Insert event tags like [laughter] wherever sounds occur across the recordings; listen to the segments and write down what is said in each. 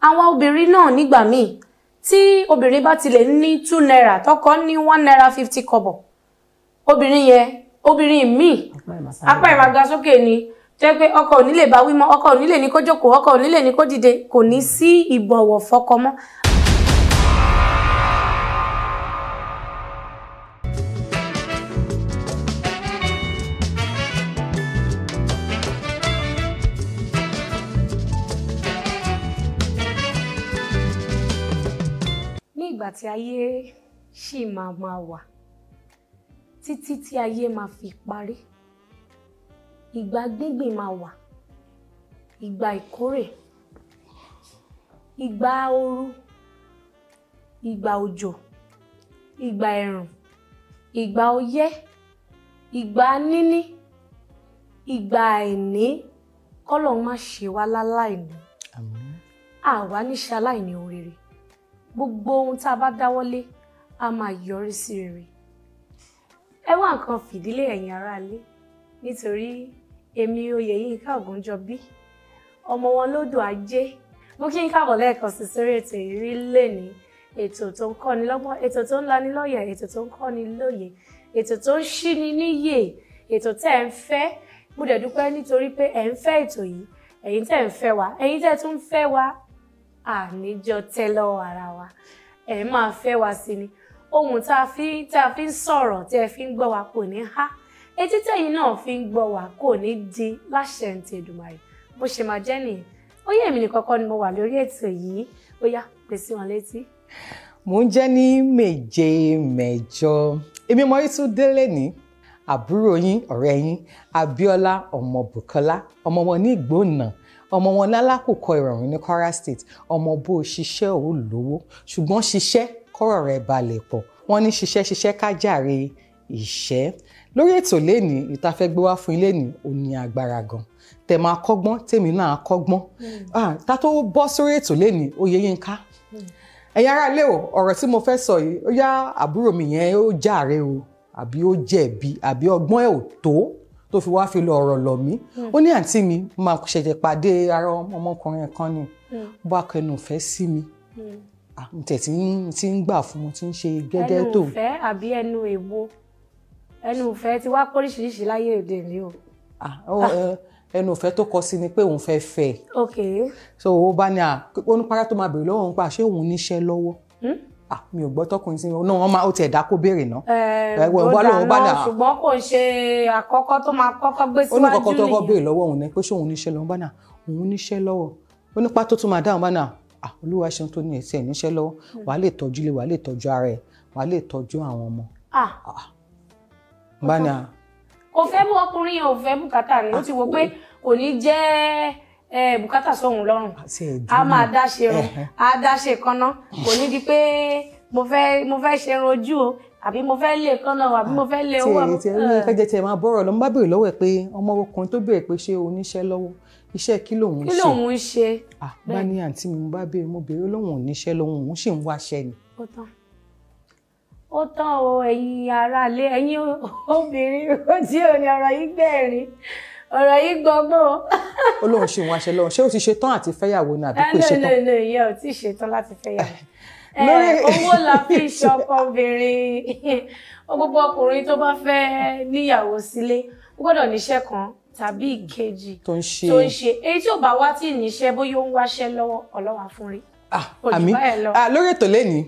àwa obìnrin náà nígbà míì tí obìnrin bá tilẹ̀ ní two naira tọkọ ní one naira fifty kọ́bọ̀ obìnrin yẹn obìnrin míì apá ìmàga sókè ni jẹ́ pé ọkọ ò ní lè bá wímọ́ ọkọ ò ní lè ní kó jókòó ọkọ ò ní lè ní kó dìde kò ní sí ìbọ̀wọ̀ fọ́kọ mọ́ ìgbà tí ayé ṣì máa máa wà títí tí ayé máa fi parí ìgbà gbígbìn máa wà ìgbà ìkórè ìgbà ooru ìgbà òjò ìgbà ẹ̀rùn ìgbà ọyẹ́ ìgbà níní ìgbà àìní kọ́lọ́run má ṣe wá láláìní àwa ní ṣe aláìní ohun rere gbogbo ohun tá a bá dáwọ́lé a máa yọrí sí rere ẹ wá nǹkan fìdílé ẹ̀yin aráalé nítorí èmi Oyèyínká Ògúnjọbí ọmọ wọn lódò ajé mo kí n káàbọ̀ lẹ́ẹ̀kan sí sórí ètò ìrírí lẹ́ni ètò tó ń kọ́ni lọ́gbọ́n ètò tó ń lani lọ́yẹ̀ ètò tó ń kọ́ni lóye ètò tó ń ṣíni níyè ètò tẹ́ ẹ̀ ń fẹ́ mo dẹ̀ nítorí pé ẹ̀ ń fẹ́ ètò yìí ẹ̀yin tẹ́ ẹ̀ ń fẹ́ wa ẹ̀yin tẹ́ ẹ̀ tún ń fẹ́ wa àníjọ tẹ́lọ ara wa ẹ máa fẹ́ wa sí ni ohun tá a fi tá a fi ń sọ̀rọ̀ tí ẹ fi ń gbọ́ wa kò ní há etí tẹ̀yin náà fi ń gbọ́ wa kò ní di láṣẹ ń tẹ̀dùmarè bó ṣe máa jẹ́ nìyẹn ó yẹ èmi nìkan kọ́ ni mo wà lórí ètò yìí ó yá pèsè wọn létí. mo ń jẹ́ ní méje mẹ́jọ èmi mọ itú délé ní àbúrò yín ọ̀rẹ́ yín Abíọ́lá ọmọ Bùkọ́lá ọmọ wọn ní ìgbóná ọmọ wọn lálàkòkọ ìrọ̀rùn ní Kwara State ọmọ bó o ṣiṣẹ́ ò lówó ṣùgbọ́n ṣiṣẹ́ kọ́rọ̀ rẹ̀ balẹ̀ pọ̀ wọ́n ní ṣiṣẹ́ ṣiṣẹ́ ká jàre ìṣẹ́ lórí ètò lẹ́ni ìtafẹ́ gbé wá fún ilé ní òní agbára gan tẹ̀ máa kọ́gbọ́n tèmi náà kọ́gbọ́n hmm. ta tó bọ́ sórí ètò lẹ́ni oyè yín ká hmm. ẹ̀yin ará ilé o ọ̀rọ̀ tí mo fẹ́ sọ yìí ó yá àbúrò mi yẹn ó jàre o àbí ó jẹ̀bi àbí ọgbọ́n ẹ̀ ò tó tó fi wá fi lọ ọ̀rọ̀ lọ̀ mí hmm. ó ní àǹtí mi máa ṣẹ̀ṣẹ̀ pàdé ara ọmọkùnrin kan ni hmm. bá kẹnu fẹ́ sí mi n hmm. tẹ̀ tí ń gbà fún mo ti ń ṣe gẹ́gẹ́ tó. ẹnu ìfẹ́ àbí ẹnu èwo ẹnu ìfẹ́ ti wá póríṣiríṣi láyé èdè ni o ah. ẹnu ọ̀fẹ́ tó kọ sí ni pé òun fẹ́ẹ́ fẹ́ ẹ̀. ok. so ó bá ní à onípara tó máa bèrè lọ́wọ́ òun pa ṣé òun níṣẹ́ lọ́wọ́ ah mi ò gbọ́ tọkùnrin sí náà wọ́n máa ó tiẹ̀ dákó béèrè náà. ẹ̀ẹ́dọ̀ dáná ṣùgbọ́n kò ṣe àkọ́kọ́ tó máa kọ́kọ́ gbé síwájú nìyẹn. ó ní kọ́kọ́ tó kọ́ béèrè lọ́wọ́ òun náà pé ṣé òun níṣẹ́ lọ́wọ́ bánà òun níṣẹ́ lọ́wọ́ ó nípa tó tún máa dáhùn bánà ah olúwa ṣeun tó ní ẹ̀sẹ̀ níṣẹ́ lọ́wọ́ hmm. wà á lè tọ́jú ilé wà á lè tọ́jú ara ẹ̀ wà á lè tọ́jú àwọn ọmọ. bánà. kò fẹ́ mú ọkùnrin yẹn ò fẹ́ bùkátà rẹ̀ ó ti wò pé kò ní jẹ́ ẹ bùkátà sóhun lọ́rùn a máa dáṣe irun a dáṣe kanná kò ní di pé mo fẹ́ mo fẹ́ ṣe irun ojú o àbí mo fẹ́ lé kanná o àbí mo fẹ́ lé owó. tiẹ̀ tiẹ̀ ní kẹ́jẹ́ tiẹ̀ máa bọ̀rọ̀ lọ́mọ bá béèrè lọ́wọ́ ẹ̀ pé ọmọ ọkùnrin tó béèrè pé ṣé oníṣẹ́ lọ́wọ́ iṣẹ́ kí lòun ṣe kí lòun ṣe. bá ní àǹtí mi mo bá béèrè mo béèrè lóhùn oníṣẹ́ lòun òun sì ń wáṣẹ́ ni. ó tán ó tán o ẹ̀yin aráalé ẹ̀yin obìnrin ó tí ọ̀rọ̀ yìí gbẹ̀rín ọ̀rọ̀ yìí gbọ́gbọ́n. ó lóun ṣe òun àṣẹ lọ́run ṣé ó ti ṣe tán àti fẹ́yàwó ni àbí eh, kò ṣe tán. ẹ ẹ ìyá ò tí ì ṣe tán láti fẹ́yàwó. [laughs] Eh, owó la fi ṣọkọ obìnrin [laughs] gbogbo ọkùnrin tó bá fẹ́ níyàwó sílé ó gbọ́dọ̀ níṣẹ́ kan tàbí ìkejì tó ń ṣe èyí tí ò bá wá tí ì níṣẹ́ bóyá ó ń wáṣẹ́ lọ́wọ́ ọlọ́wà fún rí. Ah, àmì ah, lórí ètò lẹ́nìí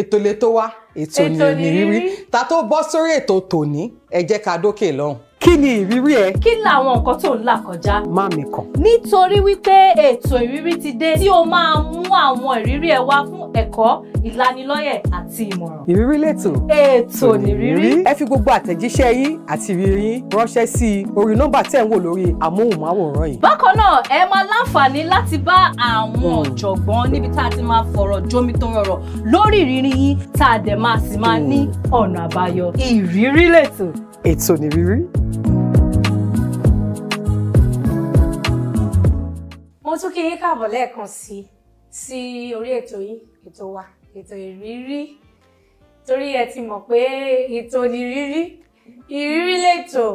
ètò lè tó wá ètò ní ta tó bọ́ sórí ètò tòní ẹ ká dókè lọ́hùn kí ni ìrírí ẹ. kí làwọn nǹkan tó ń là kọjá. má mi kàn. nítorí wípé ètò ìrírí ti dé tí o máa mú àwọn ìrírí ẹ wá fún ẹ̀kọ́ ìlanilọ́yẹ̀ àti ìmọ̀ràn. ìrírí lẹ́tò. ètò nìrírí. ẹ fi gbogbo àtẹ̀jíṣẹ́ yín àti ìrírí yín ránṣẹ́ sí orí nọ́mbà tẹ̀ ń wò lórí amóhùnmáwòrán yìí. bákan náà ẹ máa láǹfààní láti bá àwọn hmm. ọ̀jọ̀gbọ́n níbi tá a ti máa fọ̀rọ̀ jomitoro ọ̀rọ̀ lórí ìrírí yín tá a dẹ̀ máa sì máa ní hmm. ọ̀nà àbáyọ. ìrírí lẹ́tò ètò nìrírí. mo tún kí yín káàbọ̀ lẹ́ẹ̀kan sí sí orí ètò yín ètò wa ètò ìrírí torí ẹ ti mọ̀ pé ètò nìrírí ìrírí lẹ́tọ̀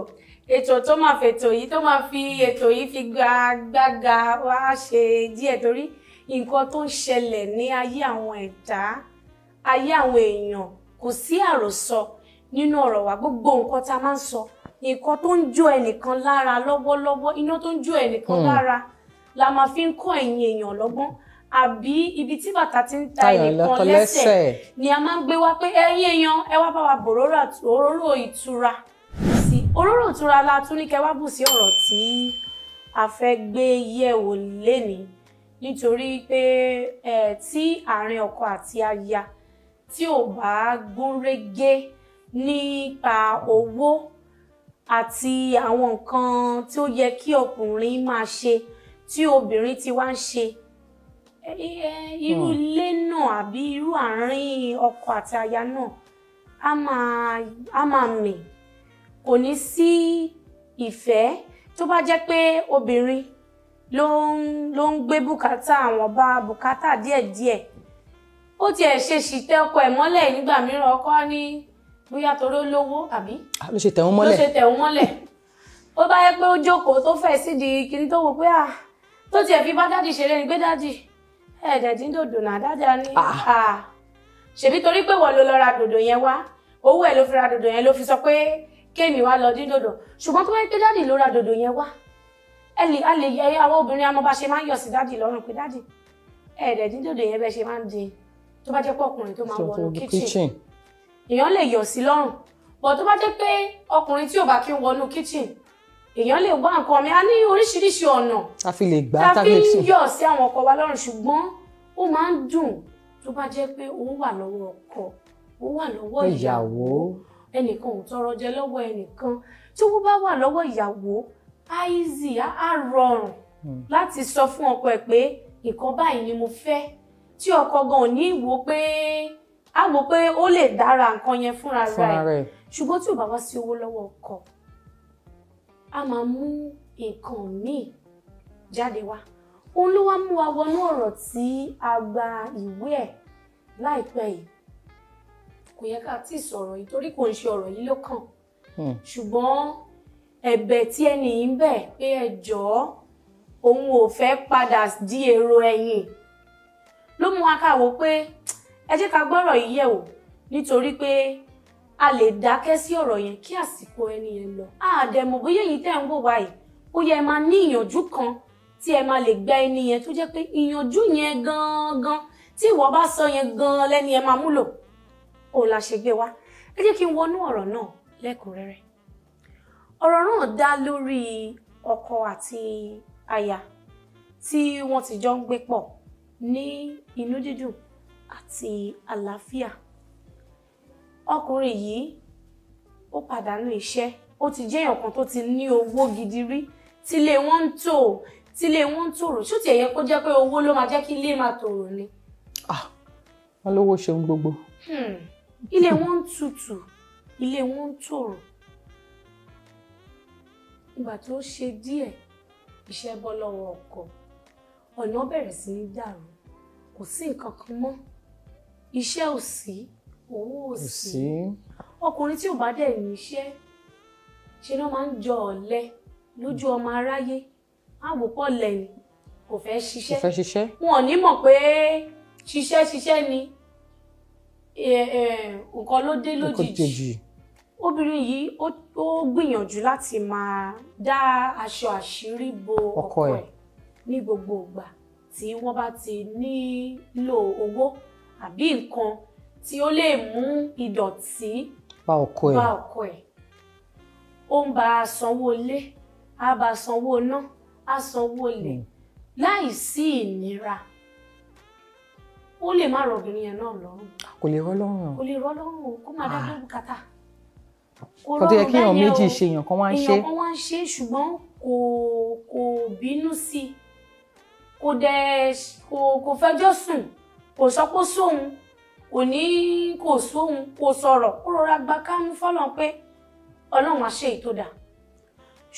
ètò tó máa fètò yìí tó máa fi ètò yìí fi gbàgbàgà wá ṣe díẹ̀ torí nǹkan tó ń ṣẹlẹ̀ ní ayé àwọn ẹ̀dá ayé àwọn èèyàn kò sí àròsọ nínú ọ̀rọ̀ wa gbogbo nǹkan tá a máa ń sọ nǹkan tó ń jó ẹnìkan lára lọ́wọ́lọ́wọ́ iná tó ń jó ẹnìkan hmm. lára la máa fi ń kọ́ ẹ̀yin èèyàn lọ́gbọ́n àbí ibi tí bàtà ti ń ta ẹnìkan lẹ́sẹ̀ ni a máa ń gbé wá pé ẹ̀yin èèyàn ẹ wá bá wa bòróró òróró ìtura sí òróró ìtura la tún ní kẹ́ wá bù sí ọ̀rọ̀ tí a fẹ́ gbé yẹ̀wò lénìí nítorí pé ẹ tí àárín ọkọ àti aya tí ò bá gún régé nípa owó àti àwọn nǹkan tí ó yẹ kí ọkùnrin máa ṣe tí obìnrin ti wá ń ṣe irú hmm. ilé náà àbí irú àárín ọkọ àti aya náà a máa a máa mì kò ní sí ìfẹ́ tó bá jẹ́ pé obìnrin ló ń ló ń gbé bùkátà àwọn bá bùkátà díẹ̀díẹ̀ ó tiẹ̀ ṣe ṣìtẹ́ ọkọ ẹ̀ mọ́lẹ̀ nígbà mìíràn ọkọ ní bóyá torí ó lówó àbí. Ah, ló ṣe tẹ̀ wọ́n mọ́lẹ̀ ló ṣe tẹ̀ wọ́n mọ́lẹ̀ ó bá yẹ pé ó jókòó tó fẹ̀ sídìí kiri tó wò pé à ah, tó tiẹ̀ fi bá dáàdì ṣeré ni pé dáàdì ẹ̀ẹ́dẹ̀dín dòdò náà dáadáa ní ah. ṣèbí torí pé wọ́n ló lọ ra dòdò yẹn wá owó ẹ̀ ló fi ra dòdò yẹn ló fi sọ pé kéèmì wá lọ dín dòdò ṣùgbọ́n tó bá yẹ pé dáàdì ló ra dòdò yẹn wá ẹ lè a lè yẹ àwọn obìnrin àmọ́ bá ṣe máa ń yọ̀ sí dáàdì lọ́rùn pé dáàdì ẹ̀ẹ́dẹ̀dín dòdò yẹn bẹ́ẹ̀ ṣe máa ń dín tó bá jẹ́ pé ọkùnrin tó máa wọnú kíchìn èèyàn lè yọ̀ sí lọ́rùn bọ̀ tó bá jẹ́ pé ọkùnrin tí ò bá kí ń wọnú kitchen èèyàn lè wá nǹkan mi a ní oríṣiríṣi ọ̀nà ta fi lè gbà ta fi yọ̀ sí àwọn ọkọ wa lọ́rùn ṣùgbọ́n ó máa ń dùn tó bá jẹ́ pé òun wà lọ́wọ́ ọkọ òun wà lọ́wọ́ ìyàwó ẹnìkan ò tọrọ jẹ lọ́wọ́ ẹnìkan tí owó bá wà lọ́wọ́ ìyàwó á easy á rọrùn hmm. láti sọ fún ọkọ ẹ pé nǹkan báyìí ni mo fẹ́ tí ọkọ gan ò ní wò pé a mọ̀ pé ó lè dára nǹkan yẹn fúnra rẹ̀ ṣùgbọ́n tí ò bá wá sí owó lọ́wọ́ ọkọ a máa mú nǹkan míì jáde wá òun ló wá mú wa wọnú ọ̀rọ̀ tí a gba ìwé ẹ̀ láìpẹ́ yìí kò yẹ ká tí ì sọ̀rọ̀ yìí torí kò ń ṣe ọ̀rọ̀ yìí ló kàn hmm. ṣùgbọ́n ẹ̀bẹ̀ tí ẹni yìí ń bẹ̀ pé ẹ òun ò fẹ́ padà di èrò ẹ̀yìn ló mú wa ká pé ẹ jẹ́ ká gbọ́rọ̀ yìí yẹ̀wò nítorí pé a lè dákẹ́ sí ọ̀rọ̀ yẹn kí àsìkò ẹni yẹn lọ àdẹ̀mọ̀ bóyá èyí tẹ́ ń wò wáyìí ó yẹ máa ní ìyànjú kan tí ẹ máa lè gba ẹni yẹn tó jẹ́ pé ìyànjú yẹn gangan tí ìwọ bá sọ yẹn gan lẹ́ni ẹ máa múlò òun la ṣe gbé wá ẹ jẹ́ kí n wọnú ọ̀rọ̀ náà lẹ́kùnrẹ́rẹ́ ọ̀rọ̀ náà dá lórí ọkọ àti aya tí wọ́n ti jọ ń gbé pọ̀ ní inú dídùn àti àlàáfíà ọkùnrin yìí ó pàdánù iṣẹ́ ó ti jẹ́ èèyàn kan tó ti ní owó gidi rí tílé wọn ń tò tílé wọn ń tòrò ṣó tiẹ̀ yẹ kó jẹ́ pé owó ló máa jẹ́ kí ilé máa tòrò ni. Ah, wọn lówó ṣeun gbogbo. Hmm. ilé wọn ń tutù ilé wọn ń tòrò ìgbà tó ṣe díẹ̀ iṣẹ́ bọ́ lọ́wọ́ ọkọ ọ̀nà bẹ̀rẹ̀ sí ní dàrú kò sí nǹkan kan mọ́ iṣẹ́ ò sí owó ò sí ọkùnrin tí ò bá dẹ̀ ní iṣẹ́ ṣe ló máa ń jọ ọ̀lẹ lójú ọmọ aráyé àwòpọ̀ lẹ́yìn kò fẹ́ ṣiṣẹ́ kò fẹ́ ṣiṣẹ́ wọn ò ní mọ̀ pé ṣiṣẹ́ ṣiṣẹ́ ni nǹkan ló dé lójijì obìnrin yìí ó gbìyànjú láti máa dá aṣọ àṣírí bo ọkọ ẹ̀ ní gbogbo ìgbà tí wọ́n bá ti nílò owó àbí nǹkan tí ó lè mú ìdọ̀tí bá ọkọ ẹ̀ bá ọkọ ẹ̀ ó ń ba sanwó ilé á ba sanwó iná á sanwó ilẹ̀ hmm. láì sí ìnira ó lè má rọ obìnrin yẹn náà lọ́rùn. kò lè rọ lọ́rùn. kò lè rọ lọ́rùn kó máa dájọ́ ah. bùkátà. kò tó yẹ kí èèyàn méjì ṣe èèyàn kan wá ń ṣe. èèyàn kan wá ń ṣe ṣùgbọ́n kò kò bínú sí kò dẹ̀ kò kò fẹjọ́ sùn kò sọ pé sóun kò ní kò sóun kò sọ̀rọ̀ kó rọra gba kámú fọ́lọ́n pé ọlọ́run á ṣe èyí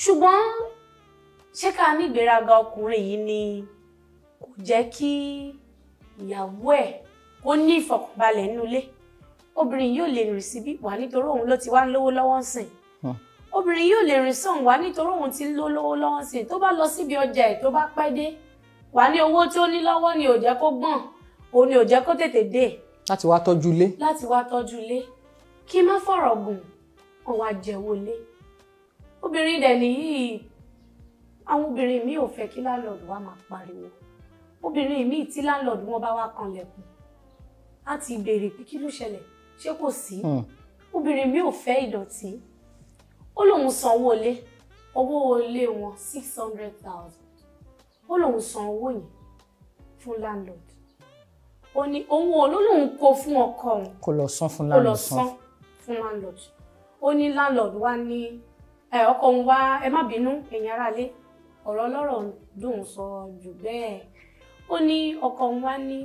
ṣùgbọ́n ṣé ká ní ìgbéraga ọkùnrin yìí ni kò jẹ́ kí ìyàwó ẹ̀ kó ní ìfọ̀kànbalẹ̀ nínú ilé obìnrin yóò lè rìn síbí wá nítorí òun ló ti wá ń lówó lọ́wọ́ sìn hmm. obìnrin yóò lè rìn sọ̀hún wá nítorí òun ti ń lówó lọ́wọ́ sìn tó bá lọ síbi ọjà ẹ̀ tó bá pẹ́ dé wá ní owó tó ní lọ́wọ́ ni ò jẹ́ kó gbọ̀n òun ni ò jẹ́ kó tètè dé. láti wá tọ́jú ilé. láti wá tọ́jú ilé kí n má fọ̀rọ̀ gùn wọn wá jẹ́wọ́ ilé obìnrin dẹ̀ nìyí àwọn obìnrin mi ò fẹ́ kí láńlọ́ọ̀dù wa máa pariwo obìnrin mi tí láńlọ́ọ̀dù wọn bá wá kanlẹ̀kùn á béèrè pé kí ló ṣẹlẹ̀ ṣé kò sí hmm. obìnrin mi ò fẹ́ ìdọ̀tí ó lóun sanwó ilé owó ilé wọn six hundred thousand ó lóun san owó yẹn fún landlord ó ní owó olólùn kó fún ọkọ òun kó lọ san fún landlord san fún landlord ó ní landlord wá ní ọkọ òun wá ẹ má bínú ẹ̀yin aráalé ọ̀rọ̀ ọlọ́rọ̀ dùn sọ jù bẹ́ẹ̀ ó ní ọkọ òun wá ní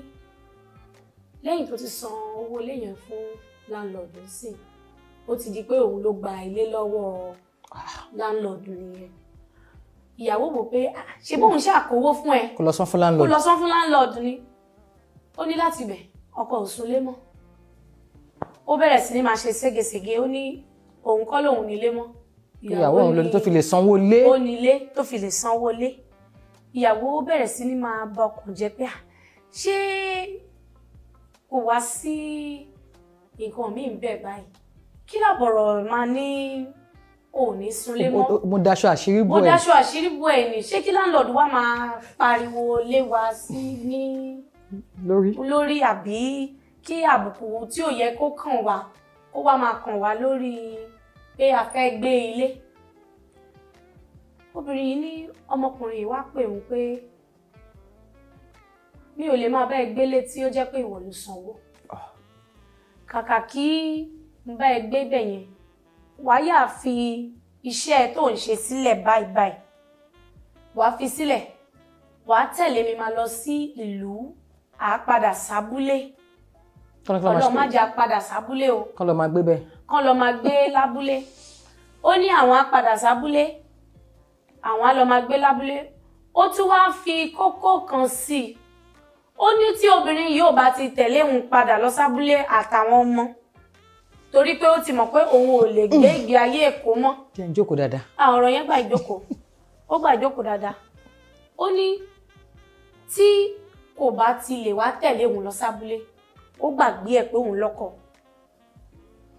lẹ́yìn tó ti san owó léèyàn fún landlord sí ó ti di pé òun ló gba ilé lọ́wọ́ landlord nìyẹn ìyàwó wò pé ah, ṣe bóun ṣàkówó fún ẹ kó lọ san fún landlord ni ó ní láti bẹ̀ ọkọ ò súnlé mọ́ ó bẹ̀rẹ̀ sí ní máa ṣe ségesège ó ní òun kọ́ lòun nílé mọ́ ìyàwó òun lónìí tó fi lè sanwó lé ó nílé tó fi lè sanwó lé ìyàwó bẹ̀rẹ̀ sí ní máa bá ọkàn jẹ́ pé à ṣé kò wá sí nǹkan míì bẹ́ẹ̀ báyìí kí làbọ̀rọ̀ máa ní òní súnlé mọ́ mo daṣọ àṣírí bò ẹ̀ mo daṣọ àṣírí bò ẹ̀ ni ṣé kí láńlọ́ọ̀dù wa máa pariwo lé wa sí ní lórí. lórí àbí kí àbùkù tí ò yẹ kó kàn wá kó wá máa kàn wá lórí pé a fẹ́ gbé ilé obìnrin yìí ní ọmọkùnrin yìí wá pè òun pé mi ò lè máa bá ẹ gbélé tí ó jẹ́ pé ìwọ ló sanwó ah. kàkà kí n bá ẹ gbé bẹ̀ yẹn wáyà fi iṣẹ́ tó ń ṣe sílẹ̀ báyìí báyìí wàá fi sílẹ̀ wàá tẹ̀lé mi máa lọ sí ìlú a padà sábúlé ọlọ́run má jẹ́ a padà sábúlé o kán lọ máa gbé bẹ́ẹ̀ kán lọ máa gbé lábúlé ó ní àwọn á padà sábúlé àwọn á lọ gbé lábúlé ó tún wá fi kókó kan sí i ó ní tí obìnrin yóò bá ti tẹ̀lé òun padà lọ sábúlé àtàwọn ọmọ torí pé ó ti mọ̀ pé òun ò lè gbé ìgbé ayé èkó mọ́. jẹ́ ń jókòó dáadáa. ọ̀rọ̀ yẹn gbà ìjókòó ó gbà ìjókòó dáadáa ó ní tí ò bá ti lè wá tẹ̀lé òun lọ sábúlé ó gbàgbé ẹ̀ pé òun lọ́kọ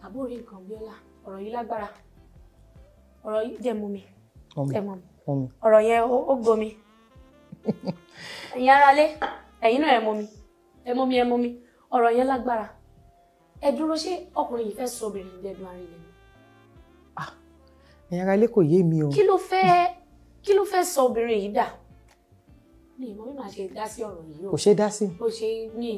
àbúrò nǹkan bíọ́lá ọ̀rọ̀ yìí lágbára ọ̀rọ̀ yìí jẹ́ mú mi jẹ́ mọ́ mi ọ̀rọ̀ yẹn ó gbomi [laughs] ẹ̀yin aráalé ẹ̀yin náà ẹ mọ́ mi ẹ mọ́ mi ẹ mọ́ mi ọ̀rọ̀ yẹn lágbára ẹ dúró ṣé ọkùnrin yìí fẹ́ sọ obìnrin lẹ́nu arìnrìn ni. Ah, ẹ̀yin aráalé kò yé mi o. kí ló fẹ́ sọ obìnrin yìí dà kò ṣe dá sí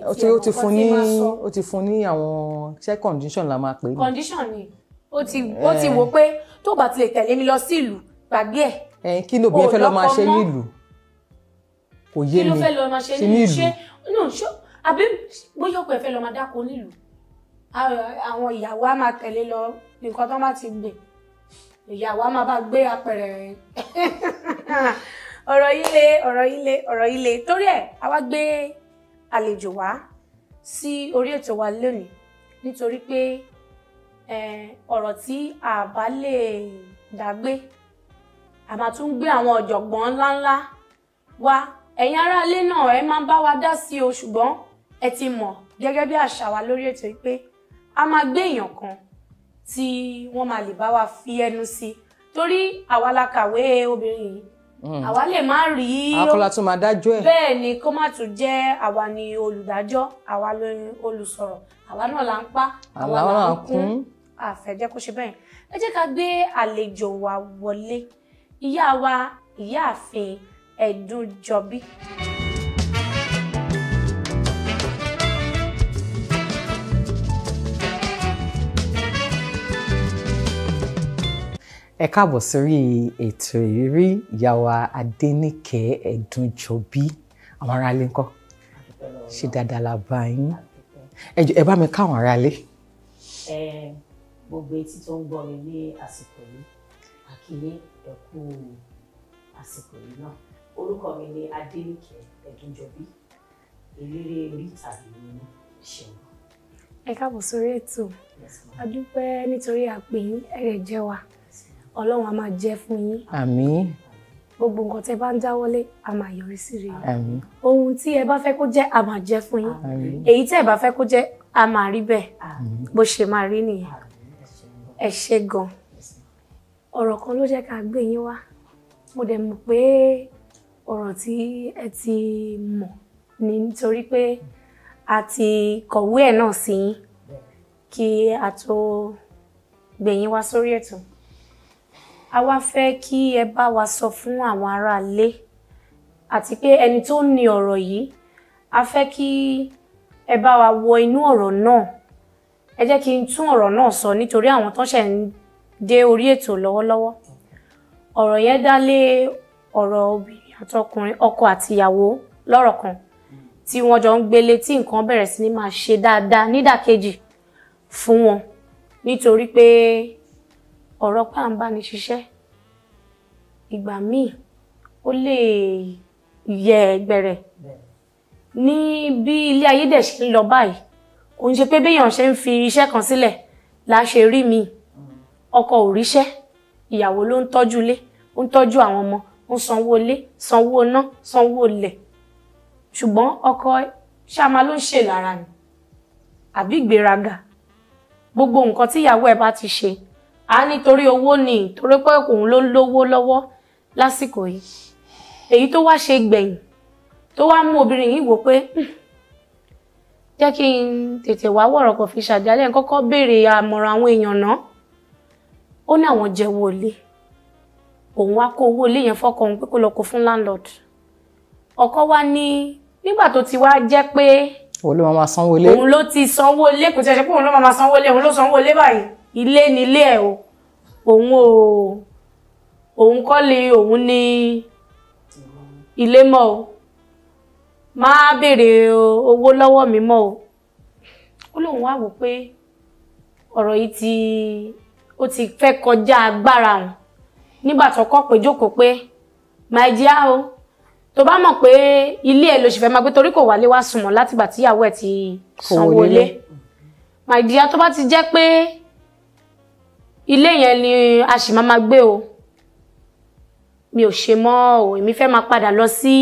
o ti o ti fún ní o ti fún ní àwọn ṣe condition la máa pè é. condition ni o ti o ti eh. wò pé tó bá ti tẹ̀lé mi lọ sí ìlú gbàgbé ẹ̀. Eh, kí ló bí fẹ́ lọ máa ṣe nílùú kò yé mi ṣe nílùú ṣé àbí bóyá ọkọ ẹ fẹ́ lọ máa dáko nílùú àwọn ìyàwó á máa tẹ̀lé lọ nǹkan tó bá ti gbìn ìyàwó á máa bá gbé apẹ̀rẹ̀ [laughs] ọ̀rọ̀ yìí le ọ̀rọ̀ yìí le ọ̀rọ̀ yìí le torí ẹ̀ a wá gbé àlejò wá sí orí ètò wa lónìí nítorí pé ọ̀rọ̀ tí a bá lè dàgbé a máa tún gbé àwọn ọ̀jọ̀gbọ́n ńláńlá wá ẹ̀yin aráalé náà ẹ máa ń bá wa dá sí o ṣùgbọ́n ẹ ti mọ̀ gẹ́gẹ́ bí àṣà wa lórí ètò yìí pé a máa gbé èèyàn kan tí wọ́n máa lè bá wa fi ẹnu sí torí àwa la kàwé obìnrin yìí Mm. àwa lè má rí akọ́lá tún máa dájọ́ ẹ̀ bẹ́ẹ̀ ni kó má tún jẹ́ àwa ni olùdájọ́ àwa ló ní olùsọ̀rọ̀ àwa náà là ń pa àwa náà ń kún àfẹ́jẹ́ kó ṣe bẹ́ẹ̀ ẹ jẹ́ ká gbé àlejò wa wọlé ìyá wa ìyáàfin ẹ̀dùnjọbí. E ẹ káàbọ̀ sórí ètò ìrírí ìyàwó Adéníkẹ́ Ẹ̀dùnjọbí àwọn aráalé ńkọ́ ṣe dáadáa la bá yín ẹ bá mi káwọn aráalé. ẹ gbogbo etí tó ń gbọ́ mi ní àsìkò yìí àkíyé ẹ àsìkò yìí náà orúkọ mi ni Adéníkẹ́ Ẹ̀dùnjọbí eléré orí ìtàgé mi ní ìṣẹ̀lẹ̀. ẹ káàbọ̀ sórí ètò a nítorí àpè yín ẹ̀rẹ̀ jẹ́ wa ọlọ́run á máa jẹ́ fún yín. àmín. gbogbo nǹkan tẹ bá ń dáwọ́lé a máa yọrí sí rere. àmín. ohun tí ẹ bá fẹ́ kó jẹ́ a máa jẹ́ fún yín. àmín. èyí tẹ́ ẹ bá fẹ́ kó jẹ́ a máa rí bẹ́ẹ̀. àmín. bó ṣe máa rí nìyẹn. ẹ ṣé gan. ọ̀rọ̀ kan ló jẹ́ ká gbé yín wá mo dẹ̀ mọ̀ pé ọ̀rọ̀ tí ẹ ti mọ̀ ni nítorí pé a ti kọ̀wé ẹ̀ náà sí yín kí a tó gbé wá sórí ètò a wá fẹ́ kí ẹ bá wa sọ fún àwọn aráalé àti pé ẹni tó ní ọ̀rọ̀ yìí a fẹ́ kí ẹ bá wa wọ inú ọ̀rọ̀ náà ẹ jẹ́ kí n tún ọ̀rọ̀ náà sọ nítorí àwọn tó ṣẹ̀ ń dé orí ètò lọ́wọ́lọ́wọ́ ọ̀rọ̀ yẹn dá lé ọ̀rọ̀ obìnrin àtọkùnrin ọkọ àtìyàwó lọ́rọ̀ kan tí wọ́n jọ ń gbélé tí nǹkan bẹ̀rẹ̀ sí ní máa ṣe dáadáa nídàkejì fún wọn nítorí pé ọ̀rọ̀ pàǹbániṣiṣẹ́ ìgbà míì ó lè yẹ ẹgbẹ̀rẹ̀ ní bí ilé ayé dẹ̀ ṣe ń lọ báyìí kò ń ṣe pé béèyàn ṣe ń fi iṣẹ́ kan sílẹ̀ la ṣe rí mi ọkọ ò ríṣẹ́ ìyàwó ló ń tọ́jú ilé ó ń tọ́jú àwọn ọmọ ó ń sanwó ilé sanwó iná sanwó ilẹ̀ ṣùgbọ́n ọkọ ṣáàmà ló ń ṣe lára ni àbí ìgbéraga gbogbo nǹkan tíyàwó ẹ bá ti ṣe a nítorí owó ni torí pé òun ló lówó lọ́wọ́ lásìkò yìí èyí tó wá ṣe gbẹ̀yìn tó wá mú obìnrin yìí wò pé hmm, jẹ́ kí n tètè wá wọ̀rọ̀ kò fi ṣàjálẹ̀ kọ́kọ́ béèrè àmọ̀ràn àwọn èèyàn náà ó ní àwọn jẹ owó ilé òun wá kó owó ilé yẹn fọ́kọ pé kó lọ kó fún landlord ọkọ wa ní nígbà tó ti wá jẹ́ pé òun ló máa sanwó ti sanwó ilé kò tiẹ̀ ṣe pé òun ló máa sanwó ilé òun ló sanwó ilé báyìí ilé nílé ẹ̀ o òun o òun kọ́ lè òun ní ilé mọ́ o má béèrè owó lọ́wọ́ mi mọ́ o ó lóun wá wò pé ọ̀rọ̀ yìí ti ó ti fẹ́ kọjá agbára òun nígbà tó kọ́ pé jókòó pé máa jẹ́ á o tó bá mọ̀ pé ilé ẹ̀ ló ṣe fẹ́ máa gbé torí kò wálé wá sùnmọ́ látìgbà tíyàwó ẹ̀ ti sanwó ilé máa jẹ́ á tó bá ti jẹ́ pé ilé yẹn ni a sì máa ma gbé o mi ò ṣe mọ́ o èmi fẹ́ máa padà lọ sí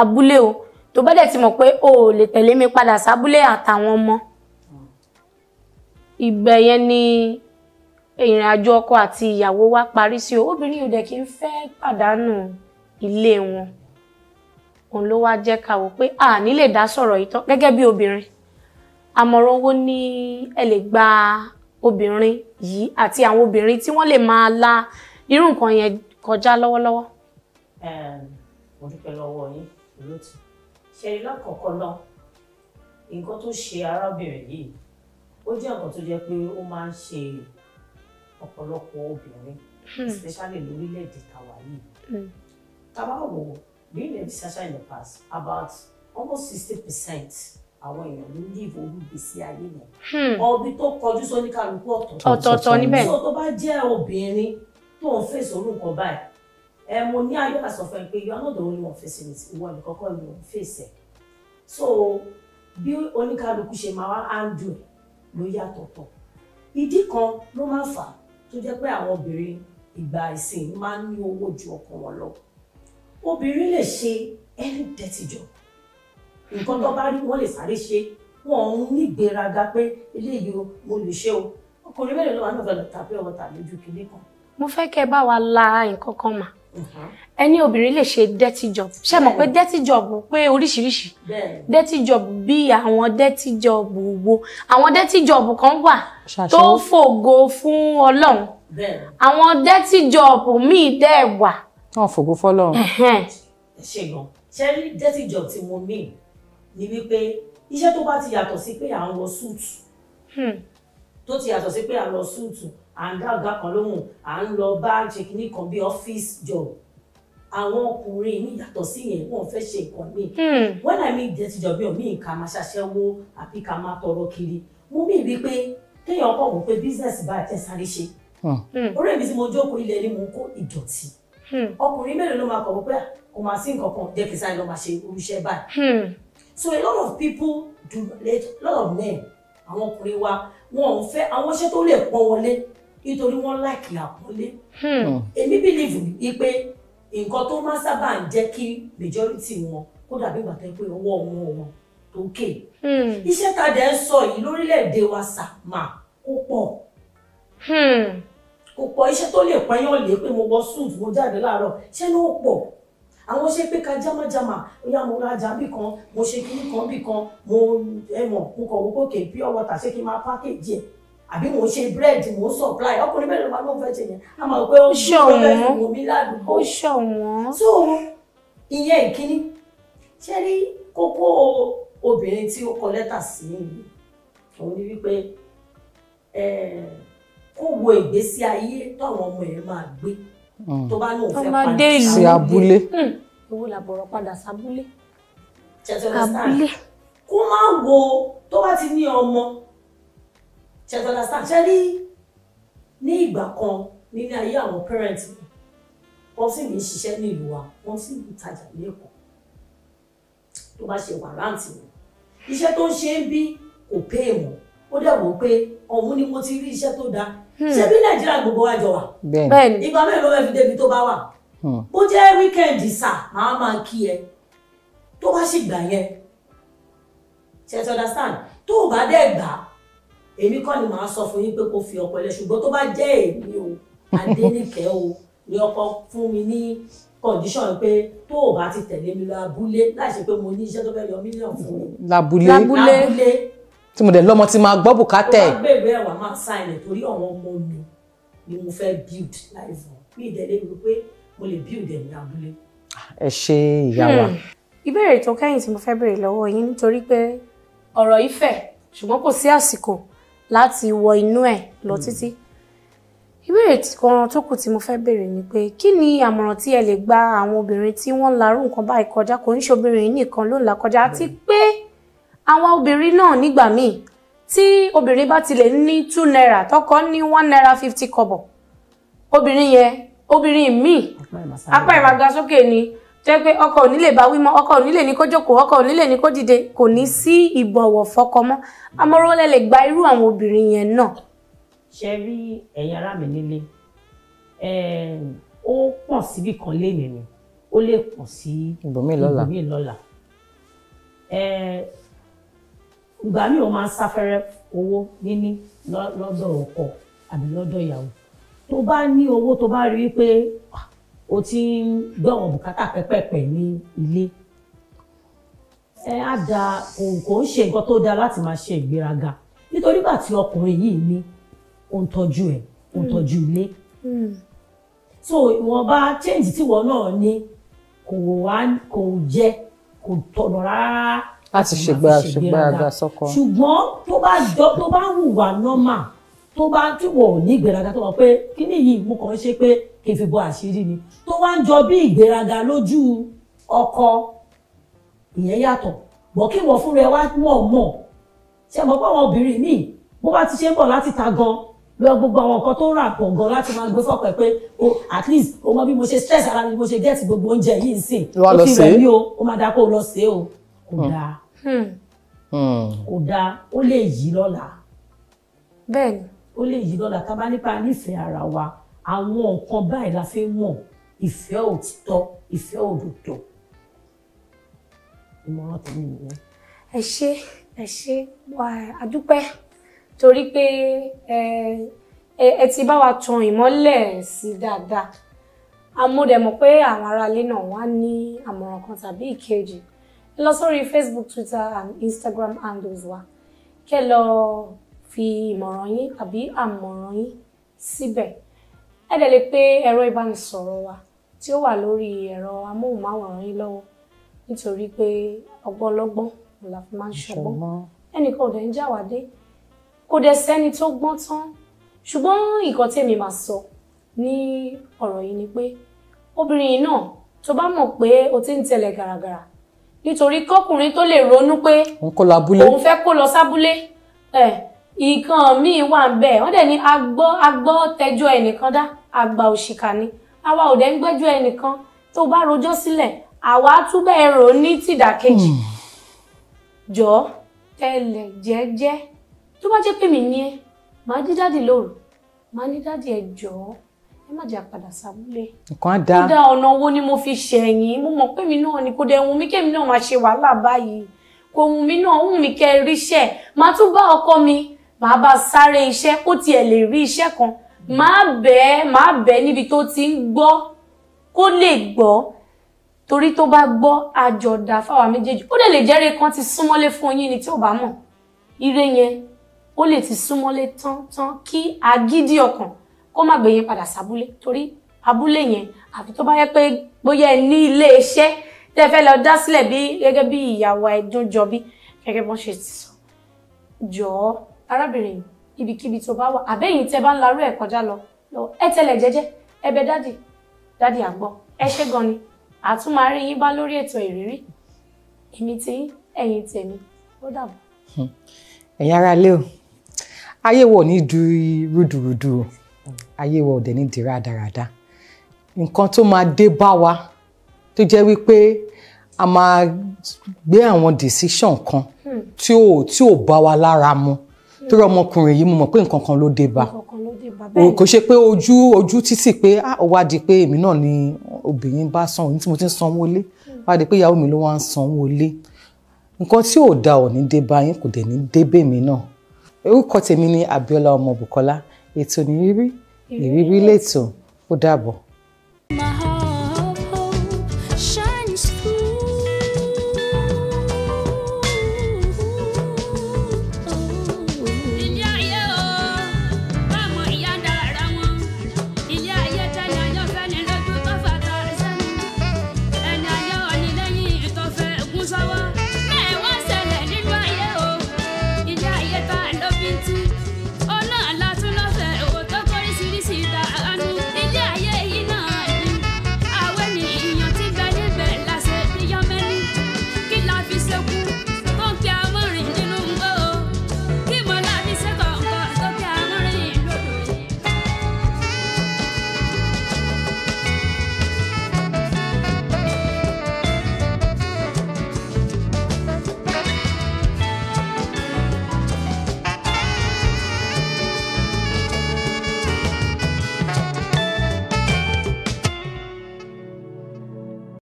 abúlé o tó bá dẹ̀ ti mọ̀ pé o ò lè tẹ̀lé mi padà sábúlé àtàwọn ọmọ ibẹ̀ yẹn ni ìrìn àjò ọkọ àti ìyàwó wa parí sí o obìnrin ò dẹ̀ kí n fẹ́ pàdánù ilé wọn òun ló wá jẹ́ ká wò pé a nílè dá sọ̀rọ̀ yìí tán gẹ́gẹ́ bí obìnrin àmọ̀ràn owó ni ẹ lè gba obìnrin yìí àti àwọn obìnrin tí wọ́n lè máa la irú nǹkan yẹn kọjá lọ́wọ́lọ́wọ́. mo dúpẹ́ lọ́wọ́ yín olóòtú ṣe rí lákọ̀ọ́kọ́ náà nǹkan tó ṣe arábìnrin yìí ó jẹ́ nǹkan tó jẹ́ pé ó máa ń ṣe ọ̀pọ̀lọpọ̀ obìnrin hmm. especially lórílẹ̀‐èdè tàwa yìí hmm. tá a bá wò bí ilẹ̀ bí sasha in the past about almost sixty percent àwọn èèyàn ló ní ìfowópamọ́ ìgbésí ayé yẹn hmm. ọbí tó kọjú sóní ọ̀tọ̀ọ̀tọ̀ ọ̀tọ̀ọ̀tọ̀ níbẹ̀ so tó bá jẹ́ obìnrin tó ń fèsì orúkọ báyìí ẹ mo ní ayé àsọfẹ́ pé yọ náà dòun ni wọ́n fèsì ní ìwọ nìkọ́kọ́ ni wọ́n fèsì so bí oníkálukú ṣe máa wá áńdù ẹ̀ ló yàtọ̀tọ̀ ìdí kan ló máa fà á tó jẹ́ pé àwọn obìnrin ìgbà ìsìn máa ń ní owó ju ọkọ wọn lọ obìnrin lè ṣe any dirty nǹkan tó bá rí wọ́n lè sáré ṣe wọn ò ní gbéraga pé eléyìí o mo lè ṣe o ọkùnrin mélòó ló wà náà fẹlẹ tàbí ọwọ́ tàbí ojú kìíní kan. mo fẹ́ kẹ́ bá wa la nǹkan kan mà uh-huh. ẹni obìnrin lè ṣe dirty job ṣe mọ̀ pé dirty job pé oríṣiríṣi dirty job bí àwọn dirty job wo àwọn dirty job kan wà tó fògo fún ọlọ́run àwọn dirty job míì dẹ̀ wà. wọn fògo fọlọ́run. ṣe gan ṣe rí dirty job tí mo mean ni wípé iṣẹ́ tó bá ti yàtọ̀ sí pé à ń wọ súùtù hmm. tó ti yàtọ̀ sí pé à ń lọ súùtù à ń dá ọ̀gá kan lóhùn à ń lọ bá ṣe kan bí ọ́fíìsì job àwọn ọkùnrin mi yàtọ̀ sí yẹn wọn fẹ́ ṣe nǹkan mi hmm. when i mean dirty job yẹn mi nǹkan máa ṣaṣẹ́wó àbí ká máa tọrọ kiri mo mí wípé kéèyàn kọ̀ wọ́n pé bísíǹsì bá àtẹ̀ sáré ṣe hmm. orí mi tí mo jókòó ilẹ̀ ni mo ń kó ìdọ̀tí ọkùnrin mélòó ló máa kọ̀ wọ́n kò máa sí nǹkan kan jẹ́ kí sáré lọ́ọ́ máa ṣe irú báyìí so a lot of people do a lot of men àwọn ọkùnrin wa wọn ò fẹ́ àwọn iṣẹ́ tó lè pọ́n wọlé nítorí wọ́n láìkì àpọ́nlé hmm. Hmm. èmi bìlìfù ni pé nǹkan tó máa sábà ń jẹ́ kí majority wọn kó dàbí ìgbà tó ń pè ọwọ́ wọn wọn tó kè hmm. iṣẹ́ tá dẹ̀ ń sọ yìí lórílẹ̀‐èdè wa sàmà kó pọ̀ kó pọ̀ iṣẹ́ tó lè pẹ́yàn lé pé mo wọ suit mo jáde láàárọ̀ ṣé ló pọ̀ àwọn ṣe pé ka jámájámá bóyá mo rajà bì kan mo ṣe kíní kan bì kan mo ẹmọ mo kàn wọ́pọ̀ kè pure water ṣé kí n máa pákéjì ẹ̀ àbí mo ṣe bread mo supply ọkùnrin mẹ́rin ló máa ló fẹ́ ṣe yẹn a máa pé ó ń gbé ọ̀rẹ́ ìwò mi ládùúgbò ó ṣọ̀wọ́n. so ìyẹn ìkíní ṣé rí kókó obìnrin tí ó kọ lẹ́tà sí mi òun ni wípé kó wo ìgbésí ayé táwọn ọmọ yẹn máa gbé. Hmm. tó bá lóun fẹ́ padà sí abúlé hmm. Hmm. owó làbọ̀rọ̀ padà sábúlé abúlé kó máa wo tó bá ti ní ọmọ ṣètọ́lá sàṣẹ́lí ní ìgbà kan nínú ayé àwọn parents mi wọ́n sì ń ṣiṣẹ́ ní ìlú wa wọ́n sì ń tajà lẹ́kọ̀ọ́ tó bá ṣe wàrántì mi iṣẹ́ tó ń ṣe ń bí kò pé èèmọ̀ ó dẹ̀ wọ́n pé ọ̀hún ni mo ti rí iṣẹ́ tó dáa Hmm. ṣé bí nàìjíríà gbogbo wa jọ wà ìgbà mélòó ẹ fi débi tó bá wà hmm. bó jẹ́ wíkẹ́ǹdì sà máa máa kí ẹ tó bá sì gbà yẹn ṣe ti understand tó o bá dẹ̀ gbà èmi kọ́ ni màá sọ fún yín pé kó fi ọkọ lẹ̀ ṣùgbọ́n tó bá jẹ́ èmi o adénìkẹ́ o ni ọkọ fún mi ní condition pé tó o bá ti tẹ̀lé mi lọ abúlé láì ṣe pé mo ní iṣẹ́ tó fẹ́ yọ mílíọ̀nù fún mi. labúlé labúlé tí mo dẹ̀ lọ́mọ tí máa gbọ́ bùkátà ẹ̀. ó máa bèbè ẹ̀wà máa sign ẹ̀ torí àwọn ọmọ mi ni mo fẹ́ build life on bí ìdẹ́lẹ́ mi pé mo lè build ẹ̀ ní abúlé. ẹ ṣe ìyá wa. Hmm. ìbéèrè tó kẹ́yìn tí mo fẹ́ béèrè lọ́wọ́ yín nítorí pé ọ̀rọ̀ ìfẹ́ ṣùgbọ́n kò sí àsìkò láti wọ inú ẹ̀ lọ hmm. títí. ìbéèrè kan tó kù tí mo fẹ́ béèrè ni pé kí ni àmọ̀ràn tí ẹ lè gba àwọn obìnrin tí wọ́n larú nǹkan báyìí kọjá kò ń ṣe obìnrin nìkan ló ń là kọjá àti hmm. pé àwa obìnrin náà nígbà míì tí obìnrin bá tilẹ̀ ní two naira tọkọ ní one naira fifty kọ́bọ̀ obìnrin yẹn obìnrin míì apá ìmàgasókè ni jẹ́ pé ọkọ òní lè bá wímọ́ ọkọ òní lè ní kó jókòó ọkọ òní lè ní kó dìde kò ní sí ìbọ̀wọ̀ fọ́kọ mọ́ amọ̀rọ̀lẹ̀ lè gba irú àwọn obìnrin yẹn náà. ṣe rí ẹ̀yin ará mi nílé ó pọ̀ síbì kan lénìí ni ó lè pọ̀ sí ibòmíì lọ́la ìgbà míì ó máa ń sáfẹ́rẹ́ owó níní lọ́dọ̀ ọkọ àbí lọ́dọ̀ ìyàwó tó bá ní owó tó bá rí i pé ah, o ti ń gbọ̀wọ̀n bùkátà pẹ́pẹ́pẹ́ ní ilé ẹ á da kò ń ṣe nǹkan tó dáa láti máa ṣe ìgbéraga nítorí gbà tí ọkùnrin yìí ní ó ń tọ́jú ẹ̀ ó ń hmm. tọ́jú ilé hmm. so ìwọ̀nba change tiwọn náà ní kò wá kò jẹ́ kò tọ̀nà rárá láti ṣègbà ṣègbàràga sọkọ. ṣùgbọ́n tó bá jọ tó bá hùwà nọ́mà tó bá tí wò ó ní ìgbéraga tó wà pé kíní yìí mo kàn ń ṣe pé kì í fi bọ àṣírí ni tó wá ń jọ bí ìgbéraga lójú ọkọ ìyẹn yàtọ̀ bọ̀ kí wọ́n fúnra ẹ wá mọ̀ mọ̀ ṣe mọ̀ pé àwọn obìnrin míì bó bá ti ṣe ń bọ̀ láti ta gan lọ gbogbo àwọn nǹkan tó ń rà pọ̀ gan láti máa gbé fọ́pẹ́ pé o at least o mọ bí mo ṣe stress ara mi mo ṣe get gbogbo oúnjẹ yìí ń sìn ó ti rẹ̀ mí o ó máa dáa kó o lọ sí o kò hmm. dáa hmm. Hmm. kò dáa ó lè yí lọ́la bẹ́ẹ̀ni ó lè yí lọ́la tá a bá nípa nífẹ̀ẹ́ ara wa àwọn nǹkan báyìí la fi ń mọ̀ ìfẹ́ òtítọ́ ìfẹ́ òdodo ìmọ̀ràn tèmi nìyẹn. ẹ ṣé ẹ ṣé wà á dúpẹ́ torí pé ẹ ẹ ti bá wa tan ìmọ́lẹ̀ sí dáadáa àmọ́ dẹ̀ mọ̀ pé àwọn aráalé náà wá ní àmọ̀ràn kan tàbí ìkejì lọ sórí Facebook Twitter and Instagram handles wa kẹ́ lọ fi ìmọ̀ràn yín àbí àmọ̀ràn yín síbẹ̀ ẹ dẹ̀ lè pe ẹ̀rọ ìbánisọ̀rọ̀ wa tí ó wà lórí ẹ̀rọ amóhùnmáwòrán yín lọ́wọ́ nítorí pé ọgbọ́n lọ́gbọ́n la fi máa ń ṣọgbọ́n ẹnìkan ò dẹ̀ ń jáwádé kò dẹ̀ sẹ́ni tó gbọ́n tán ṣùgbọ́n nǹkan tèmi máa sọ ní ọ̀rọ̀ yìí ni pé obìnrin náà tó bá mọ̀ pé o ti ń tẹ̀lé gàràgàrà nítorí kọkùnrin tó lè ronú pé òun fẹ́ kó lọ sábúlé nǹkan míì wà ń bẹ̀ wọ́n dẹ̀ ní agbọ́ agbọ́ tẹjọ́ ẹnìkan dá àgbà òṣìkà ni àwa ò dẹ̀ ń gbẹ́jọ́ ẹnìkan tó bá rojọ́ sílẹ̀ àwa túbẹ̀ rò ní tìdàkejì hmm. jọ tẹlẹ̀ jẹ́jẹ́ tó bá jẹ́ pé mi ní ẹ màá dí dáàdì lóru màá ní dáàdì ẹ jọ̀ọ́ ẹ má jẹ́ àpàdà sábúlé. nǹkan á da. ó ọ̀nà owó ni mo fi ṣẹ̀yìn mo mọ̀ pé mi náà ni kò dẹ̀ wù mí kémi náà máa ṣe wàhálà báyìí kò wù mí náà wù mí kẹ́ ríṣẹ́ màá tún bá ọkọ mi màá bá sáré iṣẹ́ ó tiẹ̀ lè rí iṣẹ́ kan màá bẹ́ẹ̀ màá bẹ́ẹ̀ níbi tó ti ń gbọ́ kó lè gbọ́ torí tó bá gbọ́ àjọ̀dá fáwa méjèèjì ó dẹ̀ lè jẹ́rìí kan ti súnmọ́lé fún yín ni tí ò bá mọ̀ ire yẹn ó lè ti súnmọ́lé tán tán kí agídí ọkàn kó má gbé yín padà sábúlé torí abúlé yẹn àfi tó bá yẹ pé bóyá ẹ ní ilé iṣẹ́ tẹ́ fẹ́ lọ dá sílẹ̀ bí gẹ́gẹ́ bí ìyàwó ẹdún jọbí gẹ́gẹ́ bọ́n ṣe ti sọ jọ̀ọ́ arábìnrin ibikíbi tó bá wà àbẹ́yìn tẹ́ bá ń larú ẹ̀ kọjá lọ lọ ẹ tẹ̀lẹ̀ jẹ́jẹ́ ẹ bẹ̀ dádì dádì àgbọ̀ ẹ ṣé gan ni àtún máa rí yín bá lórí ètò ìrírí èmi ti yín ẹ̀yin tèmi ó dàbọ̀. ẹ̀yin ará lé o ayé wọ̀ ní du rúdurùdu o ayé wa ò dẹ̀ ní dìrá dáradá nǹkan tó máa dé bá wa tó jẹ́ wípé a máa gbé àwọn decision kan hmm. tí ò tí ò bá wa lára mu hmm. torí ọmọkùnrin yìí mo mọ̀ pé nǹkan kan ló dé bá kò ṣe pé ojú ojú títì pé ah, ó wá di pé èmi náà ni obìnrin bá san òun tí mo ti ń sanwó lé hmm. wá di pé ìyàwó mi ló wá ń sanwó lé nǹkan tí ò da ò ní dé bá yín kò dẹ̀ ní dé bèmí náà orúkọ tèmi ni Abíọ́lá ọmọ Bùkọ́lá ètò ní rírí ìrírí lẹ́tọ̀ọ́ ó dàbọ̀.